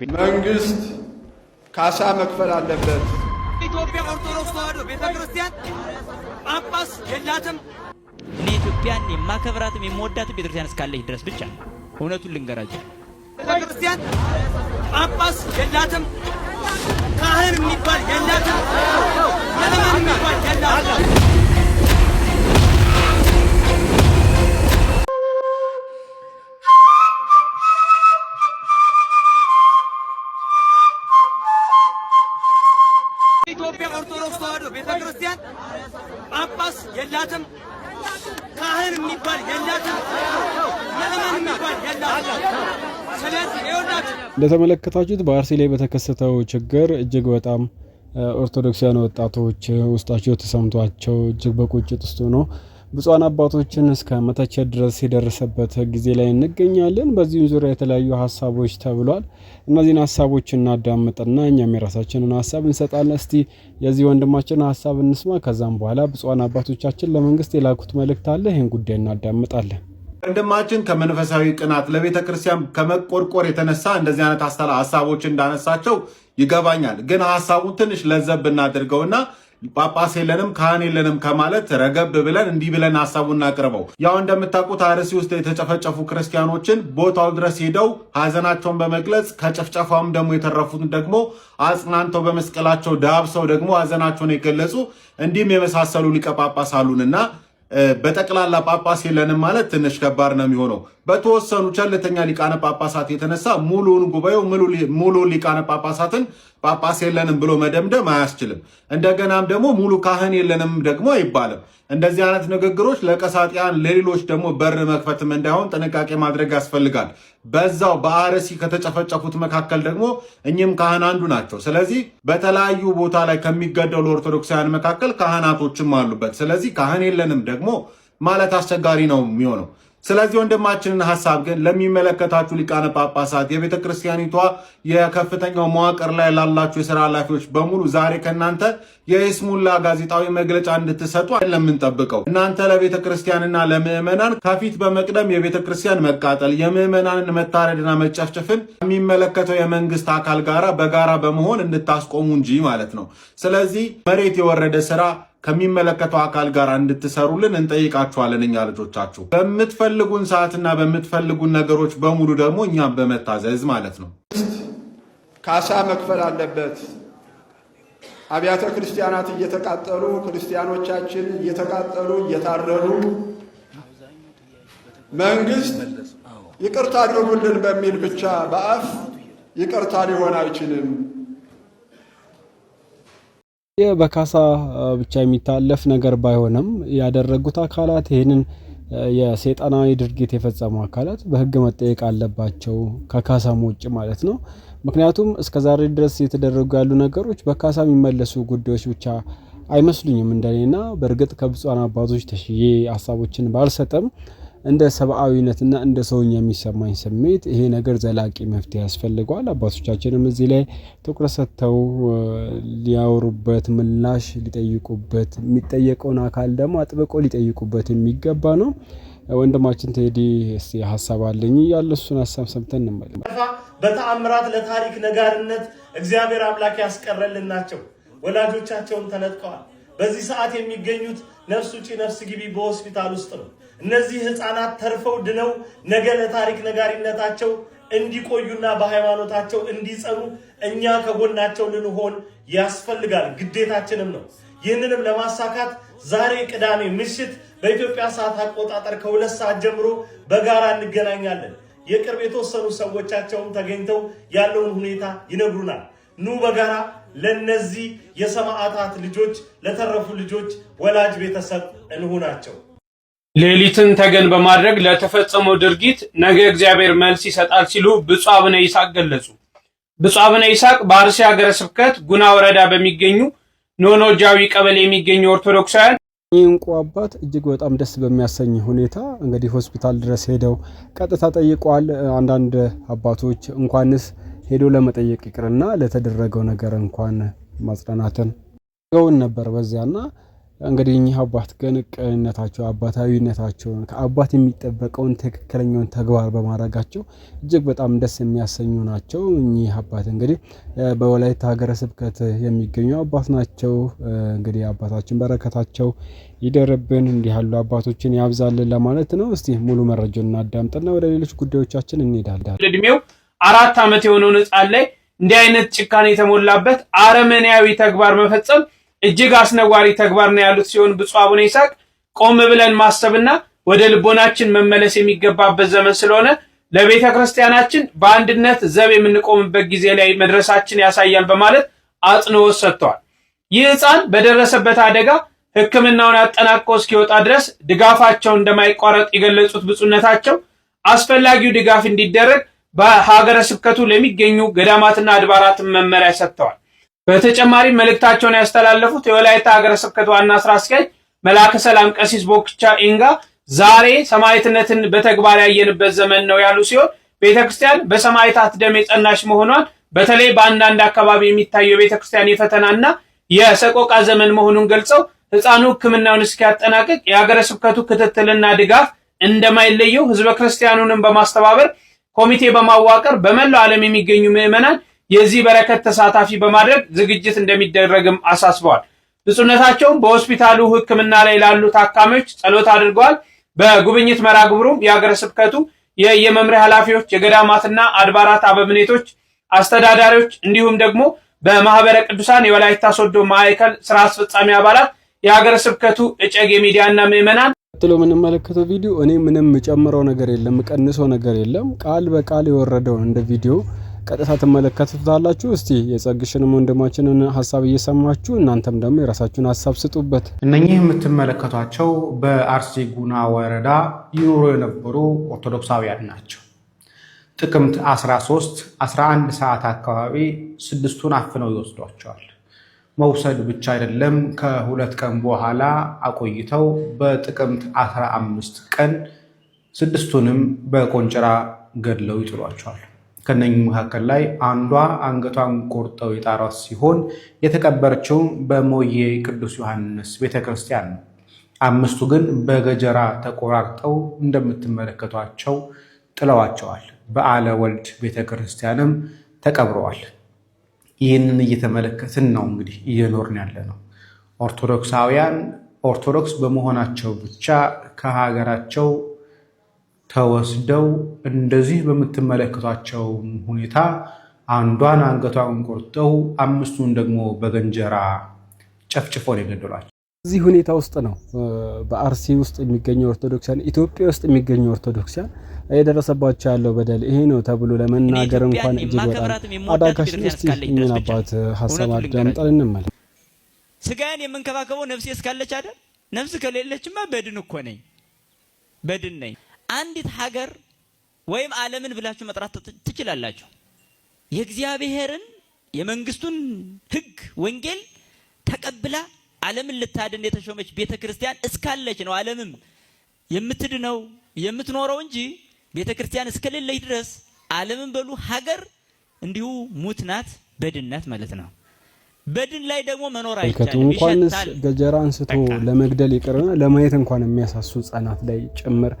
መንግስት ካሳ መክፈል አለበት። ኢትዮጵያ ኦርቶዶክስ ተዋሕዶ ቤተ ክርስቲያን ጳጳስ የላትም። እኔ ኢትዮጵያን የማከብራትም የምወዳትም ቤተ ክርስቲያን እስካለች ድረስ ብቻ እውነቱን ልንገራቸው። ቤተ ክርስቲያን ጳጳስ የላትም፣ ካህን የሚባል የላትም፣ ለማን የሚባል የላትም። እንደተመለከታችሁት በአርሲ ላይ በተከሰተው ችግር እጅግ በጣም ኦርቶዶክሲያን ወጣቶች ውስጣቸው ተሰምቷቸው እጅግ በቁጭት ውስጥ ሆኖ ብፁዓን አባቶችን እስከ መተቸት ድረስ የደረሰበት ጊዜ ላይ እንገኛለን። በዚህም ዙሪያ የተለያዩ ሀሳቦች ተብሏል። እነዚህን ሀሳቦች እናዳምጥና እኛም የራሳችንን ሀሳብ እንሰጣለን። እስቲ የዚህ ወንድማችን ሀሳብ እንስማ። ከዛም በኋላ ብፁዓን አባቶቻችን ለመንግስት የላኩት መልእክት አለ። ይህን ጉዳይ እናዳምጣለን። ወንድማችን ከመንፈሳዊ ቅናት ለቤተ ክርስቲያን ከመቆርቆር የተነሳ እንደዚህ አይነት አስተላ ሀሳቦች እንዳነሳቸው ይገባኛል። ግን ሀሳቡን ትንሽ ለዘብ ብናድርገውና ጳጳስ የለንም ካህን የለንም ከማለት ረገብ ብለን እንዲህ ብለን ሀሳቡን እናቅርበው። ያው እንደምታውቁት አርሲ ውስጥ የተጨፈጨፉ ክርስቲያኖችን ቦታው ድረስ ሄደው ሀዘናቸውን በመግለጽ ከጭፍጨፋውም ደግሞ የተረፉትን ደግሞ አጽናንተው በመስቀላቸው ዳብሰው ደግሞ ሀዘናቸውን የገለጹ እንዲህም የመሳሰሉ ሊቀ ጳጳስ አሉንና በጠቅላላ ጳጳስ የለንም ማለት ትንሽ ከባድ ነው የሚሆነው። በተወሰኑ ቸልተኛ ሊቃነ ጳጳሳት የተነሳ ሙሉውን ጉባኤው ሙሉ ሊቃነ ጳጳሳትን ጳጳስ የለንም ብሎ መደምደም አያስችልም። እንደገናም ደግሞ ሙሉ ካህን የለንም ደግሞ አይባልም። እንደዚህ አይነት ንግግሮች ለቀሳጢያን ለሌሎች ደግሞ በር መክፈትም እንዳይሆን ጥንቃቄ ማድረግ ያስፈልጋል። በዛው በአርሲ ከተጨፈጨፉት መካከል ደግሞ እኚህም ካህን አንዱ ናቸው። ስለዚህ በተለያዩ ቦታ ላይ ከሚገደሉ ኦርቶዶክሳውያን መካከል ካህናቶችም አሉበት። ስለዚህ ካህን የለንም ደግሞ ማለት አስቸጋሪ ነው የሚሆነው። ስለዚህ ወንድማችንን ሀሳብ ግን ለሚመለከታችሁ ሊቃነ ጳጳሳት፣ የቤተ ክርስቲያኒቷ የከፍተኛው መዋቅር ላይ ላላችሁ የስራ ኃላፊዎች በሙሉ ዛሬ ከእናንተ የይስሙላ ጋዜጣዊ መግለጫ እንድትሰጡ ለምንጠብቀው እናንተ ለቤተ ክርስቲያንና ለምዕመናን ከፊት በመቅደም የቤተ ክርስቲያን መቃጠል የምዕመናንን መታረድና መጨፍጨፍን የሚመለከተው የመንግስት አካል ጋራ በጋራ በመሆን እንድታስቆሙ እንጂ ማለት ነው። ስለዚህ መሬት የወረደ ስራ ከሚመለከተው አካል ጋር እንድትሰሩልን እንጠይቃችኋለን። እኛ ልጆቻችሁ በምትፈልጉን ሰዓትና በምትፈልጉን ነገሮች በሙሉ ደግሞ እኛም በመታዘዝ ማለት ነው። ካሳ መክፈል አለበት። አብያተ ክርስቲያናት እየተቃጠሉ ክርስቲያኖቻችን እየተቃጠሉ እየታረሩ መንግስት ይቅርታ አድርጉልን በሚል ብቻ በአፍ ይቅርታ ሊሆን አይችልም። ይህ በካሳ ብቻ የሚታለፍ ነገር ባይሆንም ያደረጉት አካላት ይህንን የሰይጣናዊ ድርጊት የፈጸሙ አካላት በህግ መጠየቅ አለባቸው ከካሳም ውጭ ማለት ነው። ምክንያቱም እስከ ዛሬ ድረስ የተደረጉ ያሉ ነገሮች በካሳ የሚመለሱ ጉዳዮች ብቻ አይመስሉኝም እንደኔና በእርግጥ ከብፁዓን አባቶች ተሽዬ ሀሳቦችን ባልሰጠም እንደ ሰብአዊነትና እንደ ሰውኛ የሚሰማኝ ስሜት ይሄ ነገር ዘላቂ መፍትሄ ያስፈልገዋል። አባቶቻችንም እዚህ ላይ ትኩረት ሰጥተው ሊያወሩበት፣ ምላሽ ሊጠይቁበት፣ የሚጠየቀውን አካል ደግሞ አጥብቆ ሊጠይቁበት የሚገባ ነው። ወንድማችን ቴዲ እስቲ ሀሳብ አለኝ እያለ እሱን ሀሳብ ሰምተን እንመለስ። በተአምራት ለታሪክ ነጋሪነት እግዚአብሔር አምላክ ያስቀረልን ናቸው። ወላጆቻቸውም ተነጥቀዋል። በዚህ ሰዓት የሚገኙት ነፍስ ውጪ ነፍስ ግቢ በሆስፒታል ውስጥ ነው። እነዚህ ህፃናት ተርፈው ድነው ነገ ለታሪክ ነጋሪነታቸው እንዲቆዩና በሃይማኖታቸው እንዲጸኑ እኛ ከጎናቸው ልንሆን ያስፈልጋል፣ ግዴታችንም ነው። ይህንንም ለማሳካት ዛሬ ቅዳሜ ምሽት በኢትዮጵያ ሰዓት አቆጣጠር ከሁለት ሰዓት ጀምሮ በጋራ እንገናኛለን። የቅርብ የተወሰኑ ሰዎቻቸውም ተገኝተው ያለውን ሁኔታ ይነግሩናል። ኑ በጋራ ለነዚህ የሰማዕታት ልጆች ለተረፉ ልጆች ወላጅ ቤተሰብ እንሁናቸው። ሌሊትን ተገን በማድረግ ለተፈጸመው ድርጊት ነገ እግዚአብሔር መልስ ይሰጣል ሲሉ ብፁዕ አቡነ ይስሐቅ ገለጹ። ብፁዕ አቡነ ይስሐቅ በአርሲ ሀገረ ስብከት ጉና ወረዳ በሚገኙ ኖኖጃዊ ቀበሌ የሚገኙ ኦርቶዶክሳውያን እንቁ አባት እጅግ በጣም ደስ በሚያሰኝ ሁኔታ እንግዲህ ሆስፒታል ድረስ ሄደው ቀጥታ ጠይቋል። አንዳንድ አባቶች እንኳንስ ሄዶ ለመጠየቅ ይቅርና ለተደረገው ነገር እንኳን ማጽናናትን ገውን ነበር በዚያና እንግዲህ እኚህ አባት ግን ቅንነታቸው አባታዊነታቸውን ከአባት የሚጠበቀውን ትክክለኛውን ተግባር በማድረጋቸው እጅግ በጣም ደስ የሚያሰኙ ናቸው። እኚህ አባት እንግዲህ በወላይታ ሀገረ ስብከት የሚገኙ አባት ናቸው። እንግዲህ አባታችን በረከታቸው ይደርብን እንዲህ ያሉ አባቶችን ያብዛልን ለማለት ነው። እስቲ ሙሉ መረጃውን እናዳምጥና ወደ ሌሎች ጉዳዮቻችን እንሄዳለን። እድሜው አራት ዓመት የሆነውን ሕፃን ላይ እንዲህ አይነት ጭካኔ የተሞላበት አረመኔያዊ ተግባር መፈጸም እጅግ አስነዋሪ ተግባር ነው ያሉት ሲሆን ብፁዕ አቡነ ይስሐቅ ቆም ብለን ማሰብና ወደ ልቦናችን መመለስ የሚገባበት ዘመን ስለሆነ ለቤተ ክርስቲያናችን በአንድነት ዘብ የምንቆምበት ጊዜ ላይ መድረሳችን ያሳያል በማለት አጽንኦት ሰጥተዋል። ይህ ህፃን በደረሰበት አደጋ ሕክምናውን አጠናቅቆ እስኪወጣ ድረስ ድጋፋቸው እንደማይቋረጥ የገለጹት ብፁዕነታቸው አስፈላጊው ድጋፍ እንዲደረግ በሀገረ ስብከቱ ለሚገኙ ገዳማትና አድባራትን መመሪያ ሰጥተዋል። በተጨማሪ መልእክታቸውን ያስተላለፉት የወላይታ ሀገረ ስብከት ዋና ስራ አስኪያጅ መላከ ሰላም ቀሲስ ቦክቻ ኢንጋ ዛሬ ሰማዕትነትን በተግባር ያየንበት ዘመን ነው ያሉ ሲሆን ቤተክርስቲያን በሰማዕታት ደም የጸናች መሆኗን በተለይ በአንዳንድ አካባቢ የሚታየው ቤተክርስቲያን የፈተናና የሰቆቃ ዘመን መሆኑን ገልጸው ሕፃኑ ሕክምናውን እስኪያጠናቅቅ የሀገረ ስብከቱ ክትትልና ድጋፍ እንደማይለየው ህዝበ ክርስቲያኑንም በማስተባበር ኮሚቴ በማዋቀር በመላው ዓለም የሚገኙ ምዕመናን የዚህ በረከት ተሳታፊ በማድረግ ዝግጅት እንደሚደረግም አሳስበዋል። ብፁዕነታቸውም በሆስፒታሉ ሕክምና ላይ ላሉ ታካሚዎች ጸሎት አድርገዋል። በጉብኝት መርሃ ግብሩም የሀገረ ስብከቱ የየመምሪያ ኃላፊዎች፣ የገዳማትና አድባራት አበምኔቶች፣ አስተዳዳሪዎች እንዲሁም ደግሞ በማህበረ ቅዱሳን የወላይታ ሶዶ ማዕከል ስራ አስፈጻሚ አባላት፣ የሀገረ ስብከቱ እጨጌ ሚዲያና ምዕመናን ቀጥሎ የምንመለከተው ቪዲዮ እኔ ምንም የምጨምረው ነገር የለም የምቀንሰው ነገር የለም ቃል በቃል የወረደውን እንደ ቪዲዮ ቀጥታ ትመለከቱታላችሁ። እስቲ የጸግሽንም ወንድማችንን ሀሳብ እየሰማችሁ እናንተም ደግሞ የራሳችሁን ሀሳብ ስጡበት። እነኚህ የምትመለከቷቸው በአርሲ ጉና ወረዳ ይኖሩ የነበሩ ኦርቶዶክሳውያን ናቸው። ጥቅምት 13 11 ሰዓት አካባቢ ስድስቱን አፍነው ይወስዷቸዋል። መውሰድ ብቻ አይደለም፣ ከሁለት ቀን በኋላ አቆይተው በጥቅምት 15 ቀን ስድስቱንም በቆንጭራ ገድለው ይጥሏቸዋል። ከነኚህ መካከል ላይ አንዷ አንገቷን ቆርጠው የጣሯት ሲሆን የተቀበረችው በሞዬ ቅዱስ ዮሐንስ ቤተክርስቲያን ነው። አምስቱ ግን በገጀራ ተቆራርጠው እንደምትመለከቷቸው ጥለዋቸዋል። በዓለ ወልድ ቤተክርስቲያንም ተቀብረዋል። ይህንን እየተመለከትን ነው እንግዲህ እየኖርን ያለ ነው። ኦርቶዶክሳውያን ኦርቶዶክስ በመሆናቸው ብቻ ከሀገራቸው ተወስደው እንደዚህ በምትመለከቷቸው ሁኔታ አንዷን አንገቷን ቆርጠው አምስቱን ደግሞ በገንጀራ ጨፍጭፎ ነው የገደሏቸው። እዚህ ሁኔታ ውስጥ ነው በአርሲ ውስጥ የሚገኙ ኦርቶዶክሲያን ኢትዮጵያ ውስጥ የሚገኙ ኦርቶዶክሲያን የደረሰባቸው ያለው በደል ይሄ ነው ተብሎ ለመናገር እንኳን እጅግ በጣም አዳጋሽ ነው። እስቲ እኝን አባት ሀሳብ አዳምጠን እንመለ ስጋዬን የምንከባከበው ነፍሴ እስካለች አይደል? ነፍስ ከሌለችማ በድን እኮ ነኝ፣ በድን ነኝ። አንዲት ሀገር ወይም ዓለምን ብላችሁ መጥራት ትችላላችሁ። የእግዚአብሔርን የመንግስቱን ህግ ወንጌል ተቀብላ ዓለምን ልታድን የተሾመች ቤተ ክርስቲያን እስካለች ነው ዓለምም የምትድነው የምትኖረው እንጂ ቤተ ክርስቲያን እስከሌለች ድረስ ዓለምን በሉ ሀገር እንዲሁ ሙት ናት፣ በድን ናት ማለት ነው። በድን ላይ ደግሞ መኖር አይቻልም። እንኳንስ ገጀራ አንስቶ ለመግደል ይቅርና ለማየት እንኳን የሚያሳሱ ህጻናት ላይ ጭምር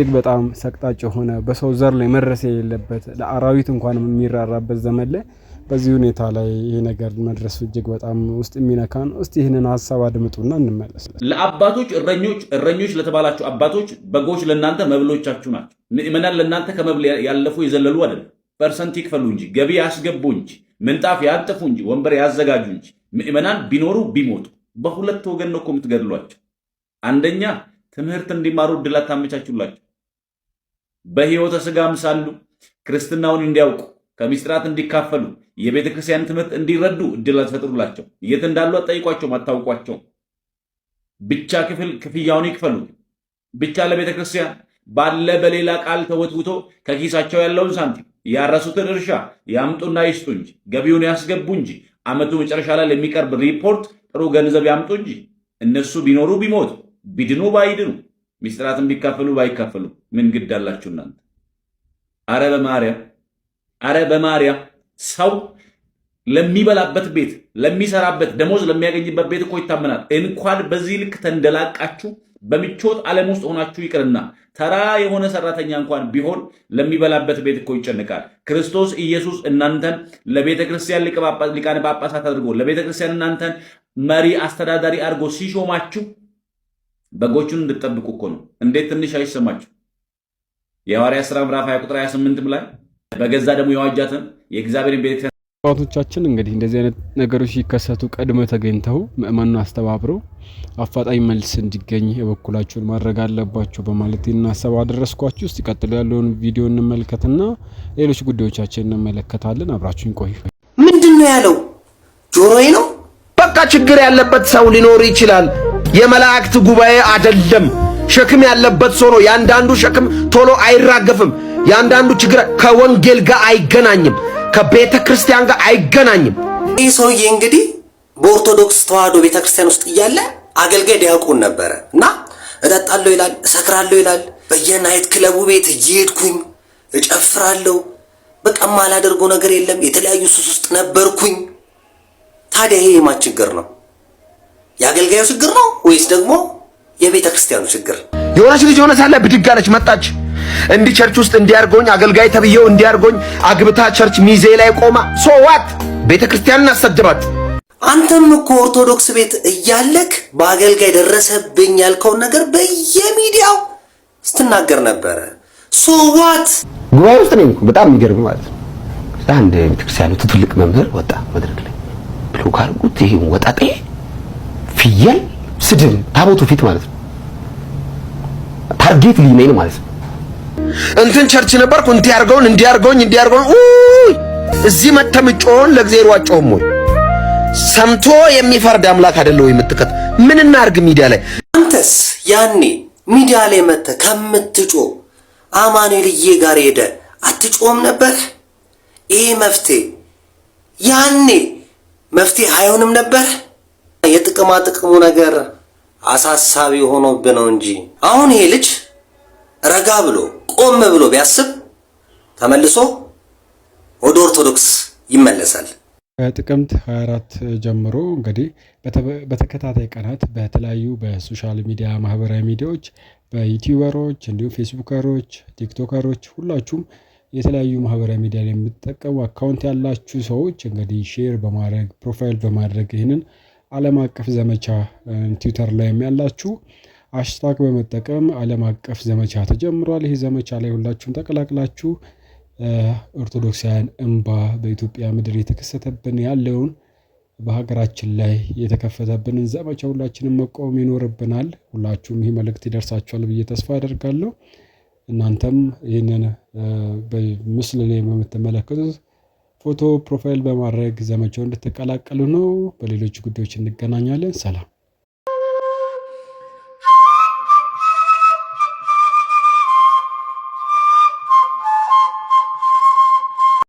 እጅግ በጣም ሰቅጣጭ የሆነ በሰው ዘር ላይ መድረስ የሌለበት ለአራዊት እንኳን የሚራራበት ዘመን ላይ በዚህ ሁኔታ ላይ ይህ ነገር መድረሱ እጅግ በጣም ውስጥ የሚነካ ነው። ይህንን ሀሳብ አድምጡና እንመለስ። ለአባቶች እረኞች እረኞች ለተባላችሁ አባቶች በጎች ለእናንተ መብሎቻችሁ ናቸው። ምእመናን ለእናንተ ከመብል ያለፉ የዘለሉ አይደለም። ፐርሰንት ይክፈሉ እንጂ ገቢ ያስገቡ እንጂ ምንጣፍ ያጥፉ እንጂ ወንበር ያዘጋጁ እንጂ ምእመናን ቢኖሩ ቢሞጡ በሁለት ወገን ነው እኮ የምትገድሏቸው። አንደኛ ትምህርት እንዲማሩ እድል አታመቻቹላቸው። በሕይወተ ሥጋም ሳሉ ክርስትናውን እንዲያውቁ ከምስጢራት እንዲካፈሉ የቤተ ክርስቲያን ትምህርት እንዲረዱ እድል አትፈጥሩላቸው። የት እንዳሉ አትጠይቋቸውም፣ አታውቋቸውም። ብቻ ክፍል ክፍያውን ይክፈሉ። ብቻ ለቤተ ክርስቲያን ባለ በሌላ ቃል ተወትውቶ ከኪሳቸው ያለውን ሳንቲም ያረሱትን እርሻ ያምጡና ይስጡ እንጂ ገቢውን ያስገቡ እንጂ ዓመቱ መጨረሻ ላይ ለሚቀርብ ሪፖርት ጥሩ ገንዘብ ያምጡ እንጂ እነሱ ቢኖሩ ቢሞቱ ቢድኑ ባይድኑ ሚስጥራትን ቢካፈሉ ባይካፈሉ ምን ግድ አላችሁ እናንተ? አረ በማርያም አረ በማርያም ሰው ለሚበላበት ቤት ለሚሰራበት ደሞዝ ለሚያገኝበት ቤት እኮ ይታመናል። እንኳን በዚህ ልክ ተንደላቃችሁ በምቾት ዓለም ውስጥ ሆናችሁ ይቅርና ተራ የሆነ ሰራተኛ እንኳን ቢሆን ለሚበላበት ቤት እኮ ይጨንቃል። ክርስቶስ ኢየሱስ እናንተን ለቤተ ክርስቲያን ሊቃነ ጳጳሳት አድርጎ ለቤተ ክርስቲያን እናንተን መሪ አስተዳዳሪ አድርጎ ሲሾማችሁ በጎቹን እንድጠብቁ እኮ ነው። እንዴት ትንሽ አይሰማችሁ? የሐዋርያ ሥራ ምዕራፍ 20 ቁጥር 28 ብላ በገዛ ደግሞ የዋጃትን የእግዚአብሔርን ቤተክርስቲያን አባቶቻችን እንግዲህ እንደዚህ አይነት ነገሮች ሲከሰቱ ቀድሞ ተገኝተው ምእመኑ አስተባብረው አፋጣኝ መልስ እንዲገኝ የበኩላችሁን ማድረግ አለባችሁ በማለት ይህን ሀሳብ አደረስኳችሁ። እስቲ ቀጥሎ ያለውን ቪዲዮ እንመልከትና ሌሎች ጉዳዮቻችን እንመለከታለን። አብራችሁን ቆይ። ምንድን ነው ያለው? ጆሮዬ ነው በርካታ ችግር ያለበት ሰው ሊኖር ይችላል። የመላእክት ጉባኤ አይደለም። ሸክም ያለበት ሰው ነው። ያንዳንዱ ሸክም ቶሎ አይራገፍም። ያንዳንዱ ችግር ከወንጌል ጋር አይገናኝም፣ ከቤተ ክርስቲያን ጋር አይገናኝም። ይህ ሰውዬ እንግዲህ በኦርቶዶክስ ተዋህዶ ቤተ ክርስቲያን ውስጥ እያለ አገልጋይ ዲያቆን ነበረ እና እጠጣለሁ ይላል፣ እሰክራለሁ ይላል። በየናይት ክለቡ ቤት እየሄድኩኝ እጨፍራለሁ፣ በቃ ማላደርገው ነገር የለም። የተለያዩ ሱስ ውስጥ ነበርኩኝ ታዲያ ይሄ የማን ችግር ነው? የአገልጋዩ ችግር ነው ወይስ ደግሞ የቤተ ክርስቲያኑ ችግር? የሆነች ልጅ የሆነ ሳለ ብድግ አለች፣ መጣች። እንዲህ ቸርች ውስጥ እንዲያርጎኝ አገልጋይ ተብዬው እንዲያርጎኝ አግብታ ቸርች ሚዜ ላይ ቆማ ሶዋት ቤተ ክርስቲያንን አሰደባችሁ። አንተም እኮ ኦርቶዶክስ ቤት እያለክ በአገልጋይ ደረሰብኝ ያልከውን ነገር በየሚዲያው ስትናገር ነበረ። ሶዋት ጉባኤ ውስጥ ነኝ። በጣም የሚገርም ማለት ነው። አንድ ቤተክርስቲያኑ ትልቅ መምህር ወጣ መድረክ ላይ ብለው ካልኩት ይሄ ወጣጤ ፍየል ስድብ ታቦቱ ፊት ማለት ነው። ታርጌት ሊሜን ማለት ነው። እንትን ቸርች ነበርኩ እንት ያርገውን እንዲያርገውኝ እንዲያርገውን ኡይ እዚህ መተምጮን ለእግዚአብሔር ዋጮም ወይ ሰምቶ የሚፈርድ አምላክ አይደለ ወይ የምትከት ምን እናርግ? ሚዲያ ላይ አንተስ ያኔ ሚዲያ ላይ መተ ከምትጮ አማኑኤልዬ ጋር ሄደ አትጮም ነበር? ይህ መፍትሄ ያኔ መፍትሄ አይሆንም ነበር። የጥቅማ ጥቅሙ ነገር አሳሳቢ ሆኖብ ነው እንጂ አሁን ይሄ ልጅ ረጋ ብሎ ቆም ብሎ ቢያስብ ተመልሶ ወደ ኦርቶዶክስ ይመለሳል። ከጥቅምት 24 ጀምሮ እንግዲህ በተከታታይ ቀናት በተለያዩ በሶሻል ሚዲያ ማህበራዊ ሚዲያዎች በዩቲዩበሮች እንዲሁም ፌስቡከሮች፣ ቲክቶከሮች ሁላችሁም የተለያዩ ማህበራዊ ሚዲያ ላይ የምትጠቀሙ አካውንት ያላችሁ ሰዎች እንግዲህ ሼር በማድረግ ፕሮፋይል በማድረግ ይህንን አለም አቀፍ ዘመቻ ትዊተር ላይም ያላችሁ ሀሽታግ በመጠቀም አለም አቀፍ ዘመቻ ተጀምሯል። ይህ ዘመቻ ላይ ሁላችሁም ተቀላቅላችሁ ኦርቶዶክሳውያን እምባ በኢትዮጵያ ምድር የተከሰተብን ያለውን በሀገራችን ላይ የተከፈተብንን ዘመቻ ሁላችንም መቃወም ይኖርብናል። ሁላችሁም ይህ መልእክት ይደርሳችኋል ብዬ ተስፋ አደርጋለሁ። እናንተም ይህንን በምስል ላይ በምትመለከቱት ፎቶ ፕሮፋይል በማድረግ ዘመቻው እንድትቀላቀሉ ነው። በሌሎች ጉዳዮች እንገናኛለን። ሰላም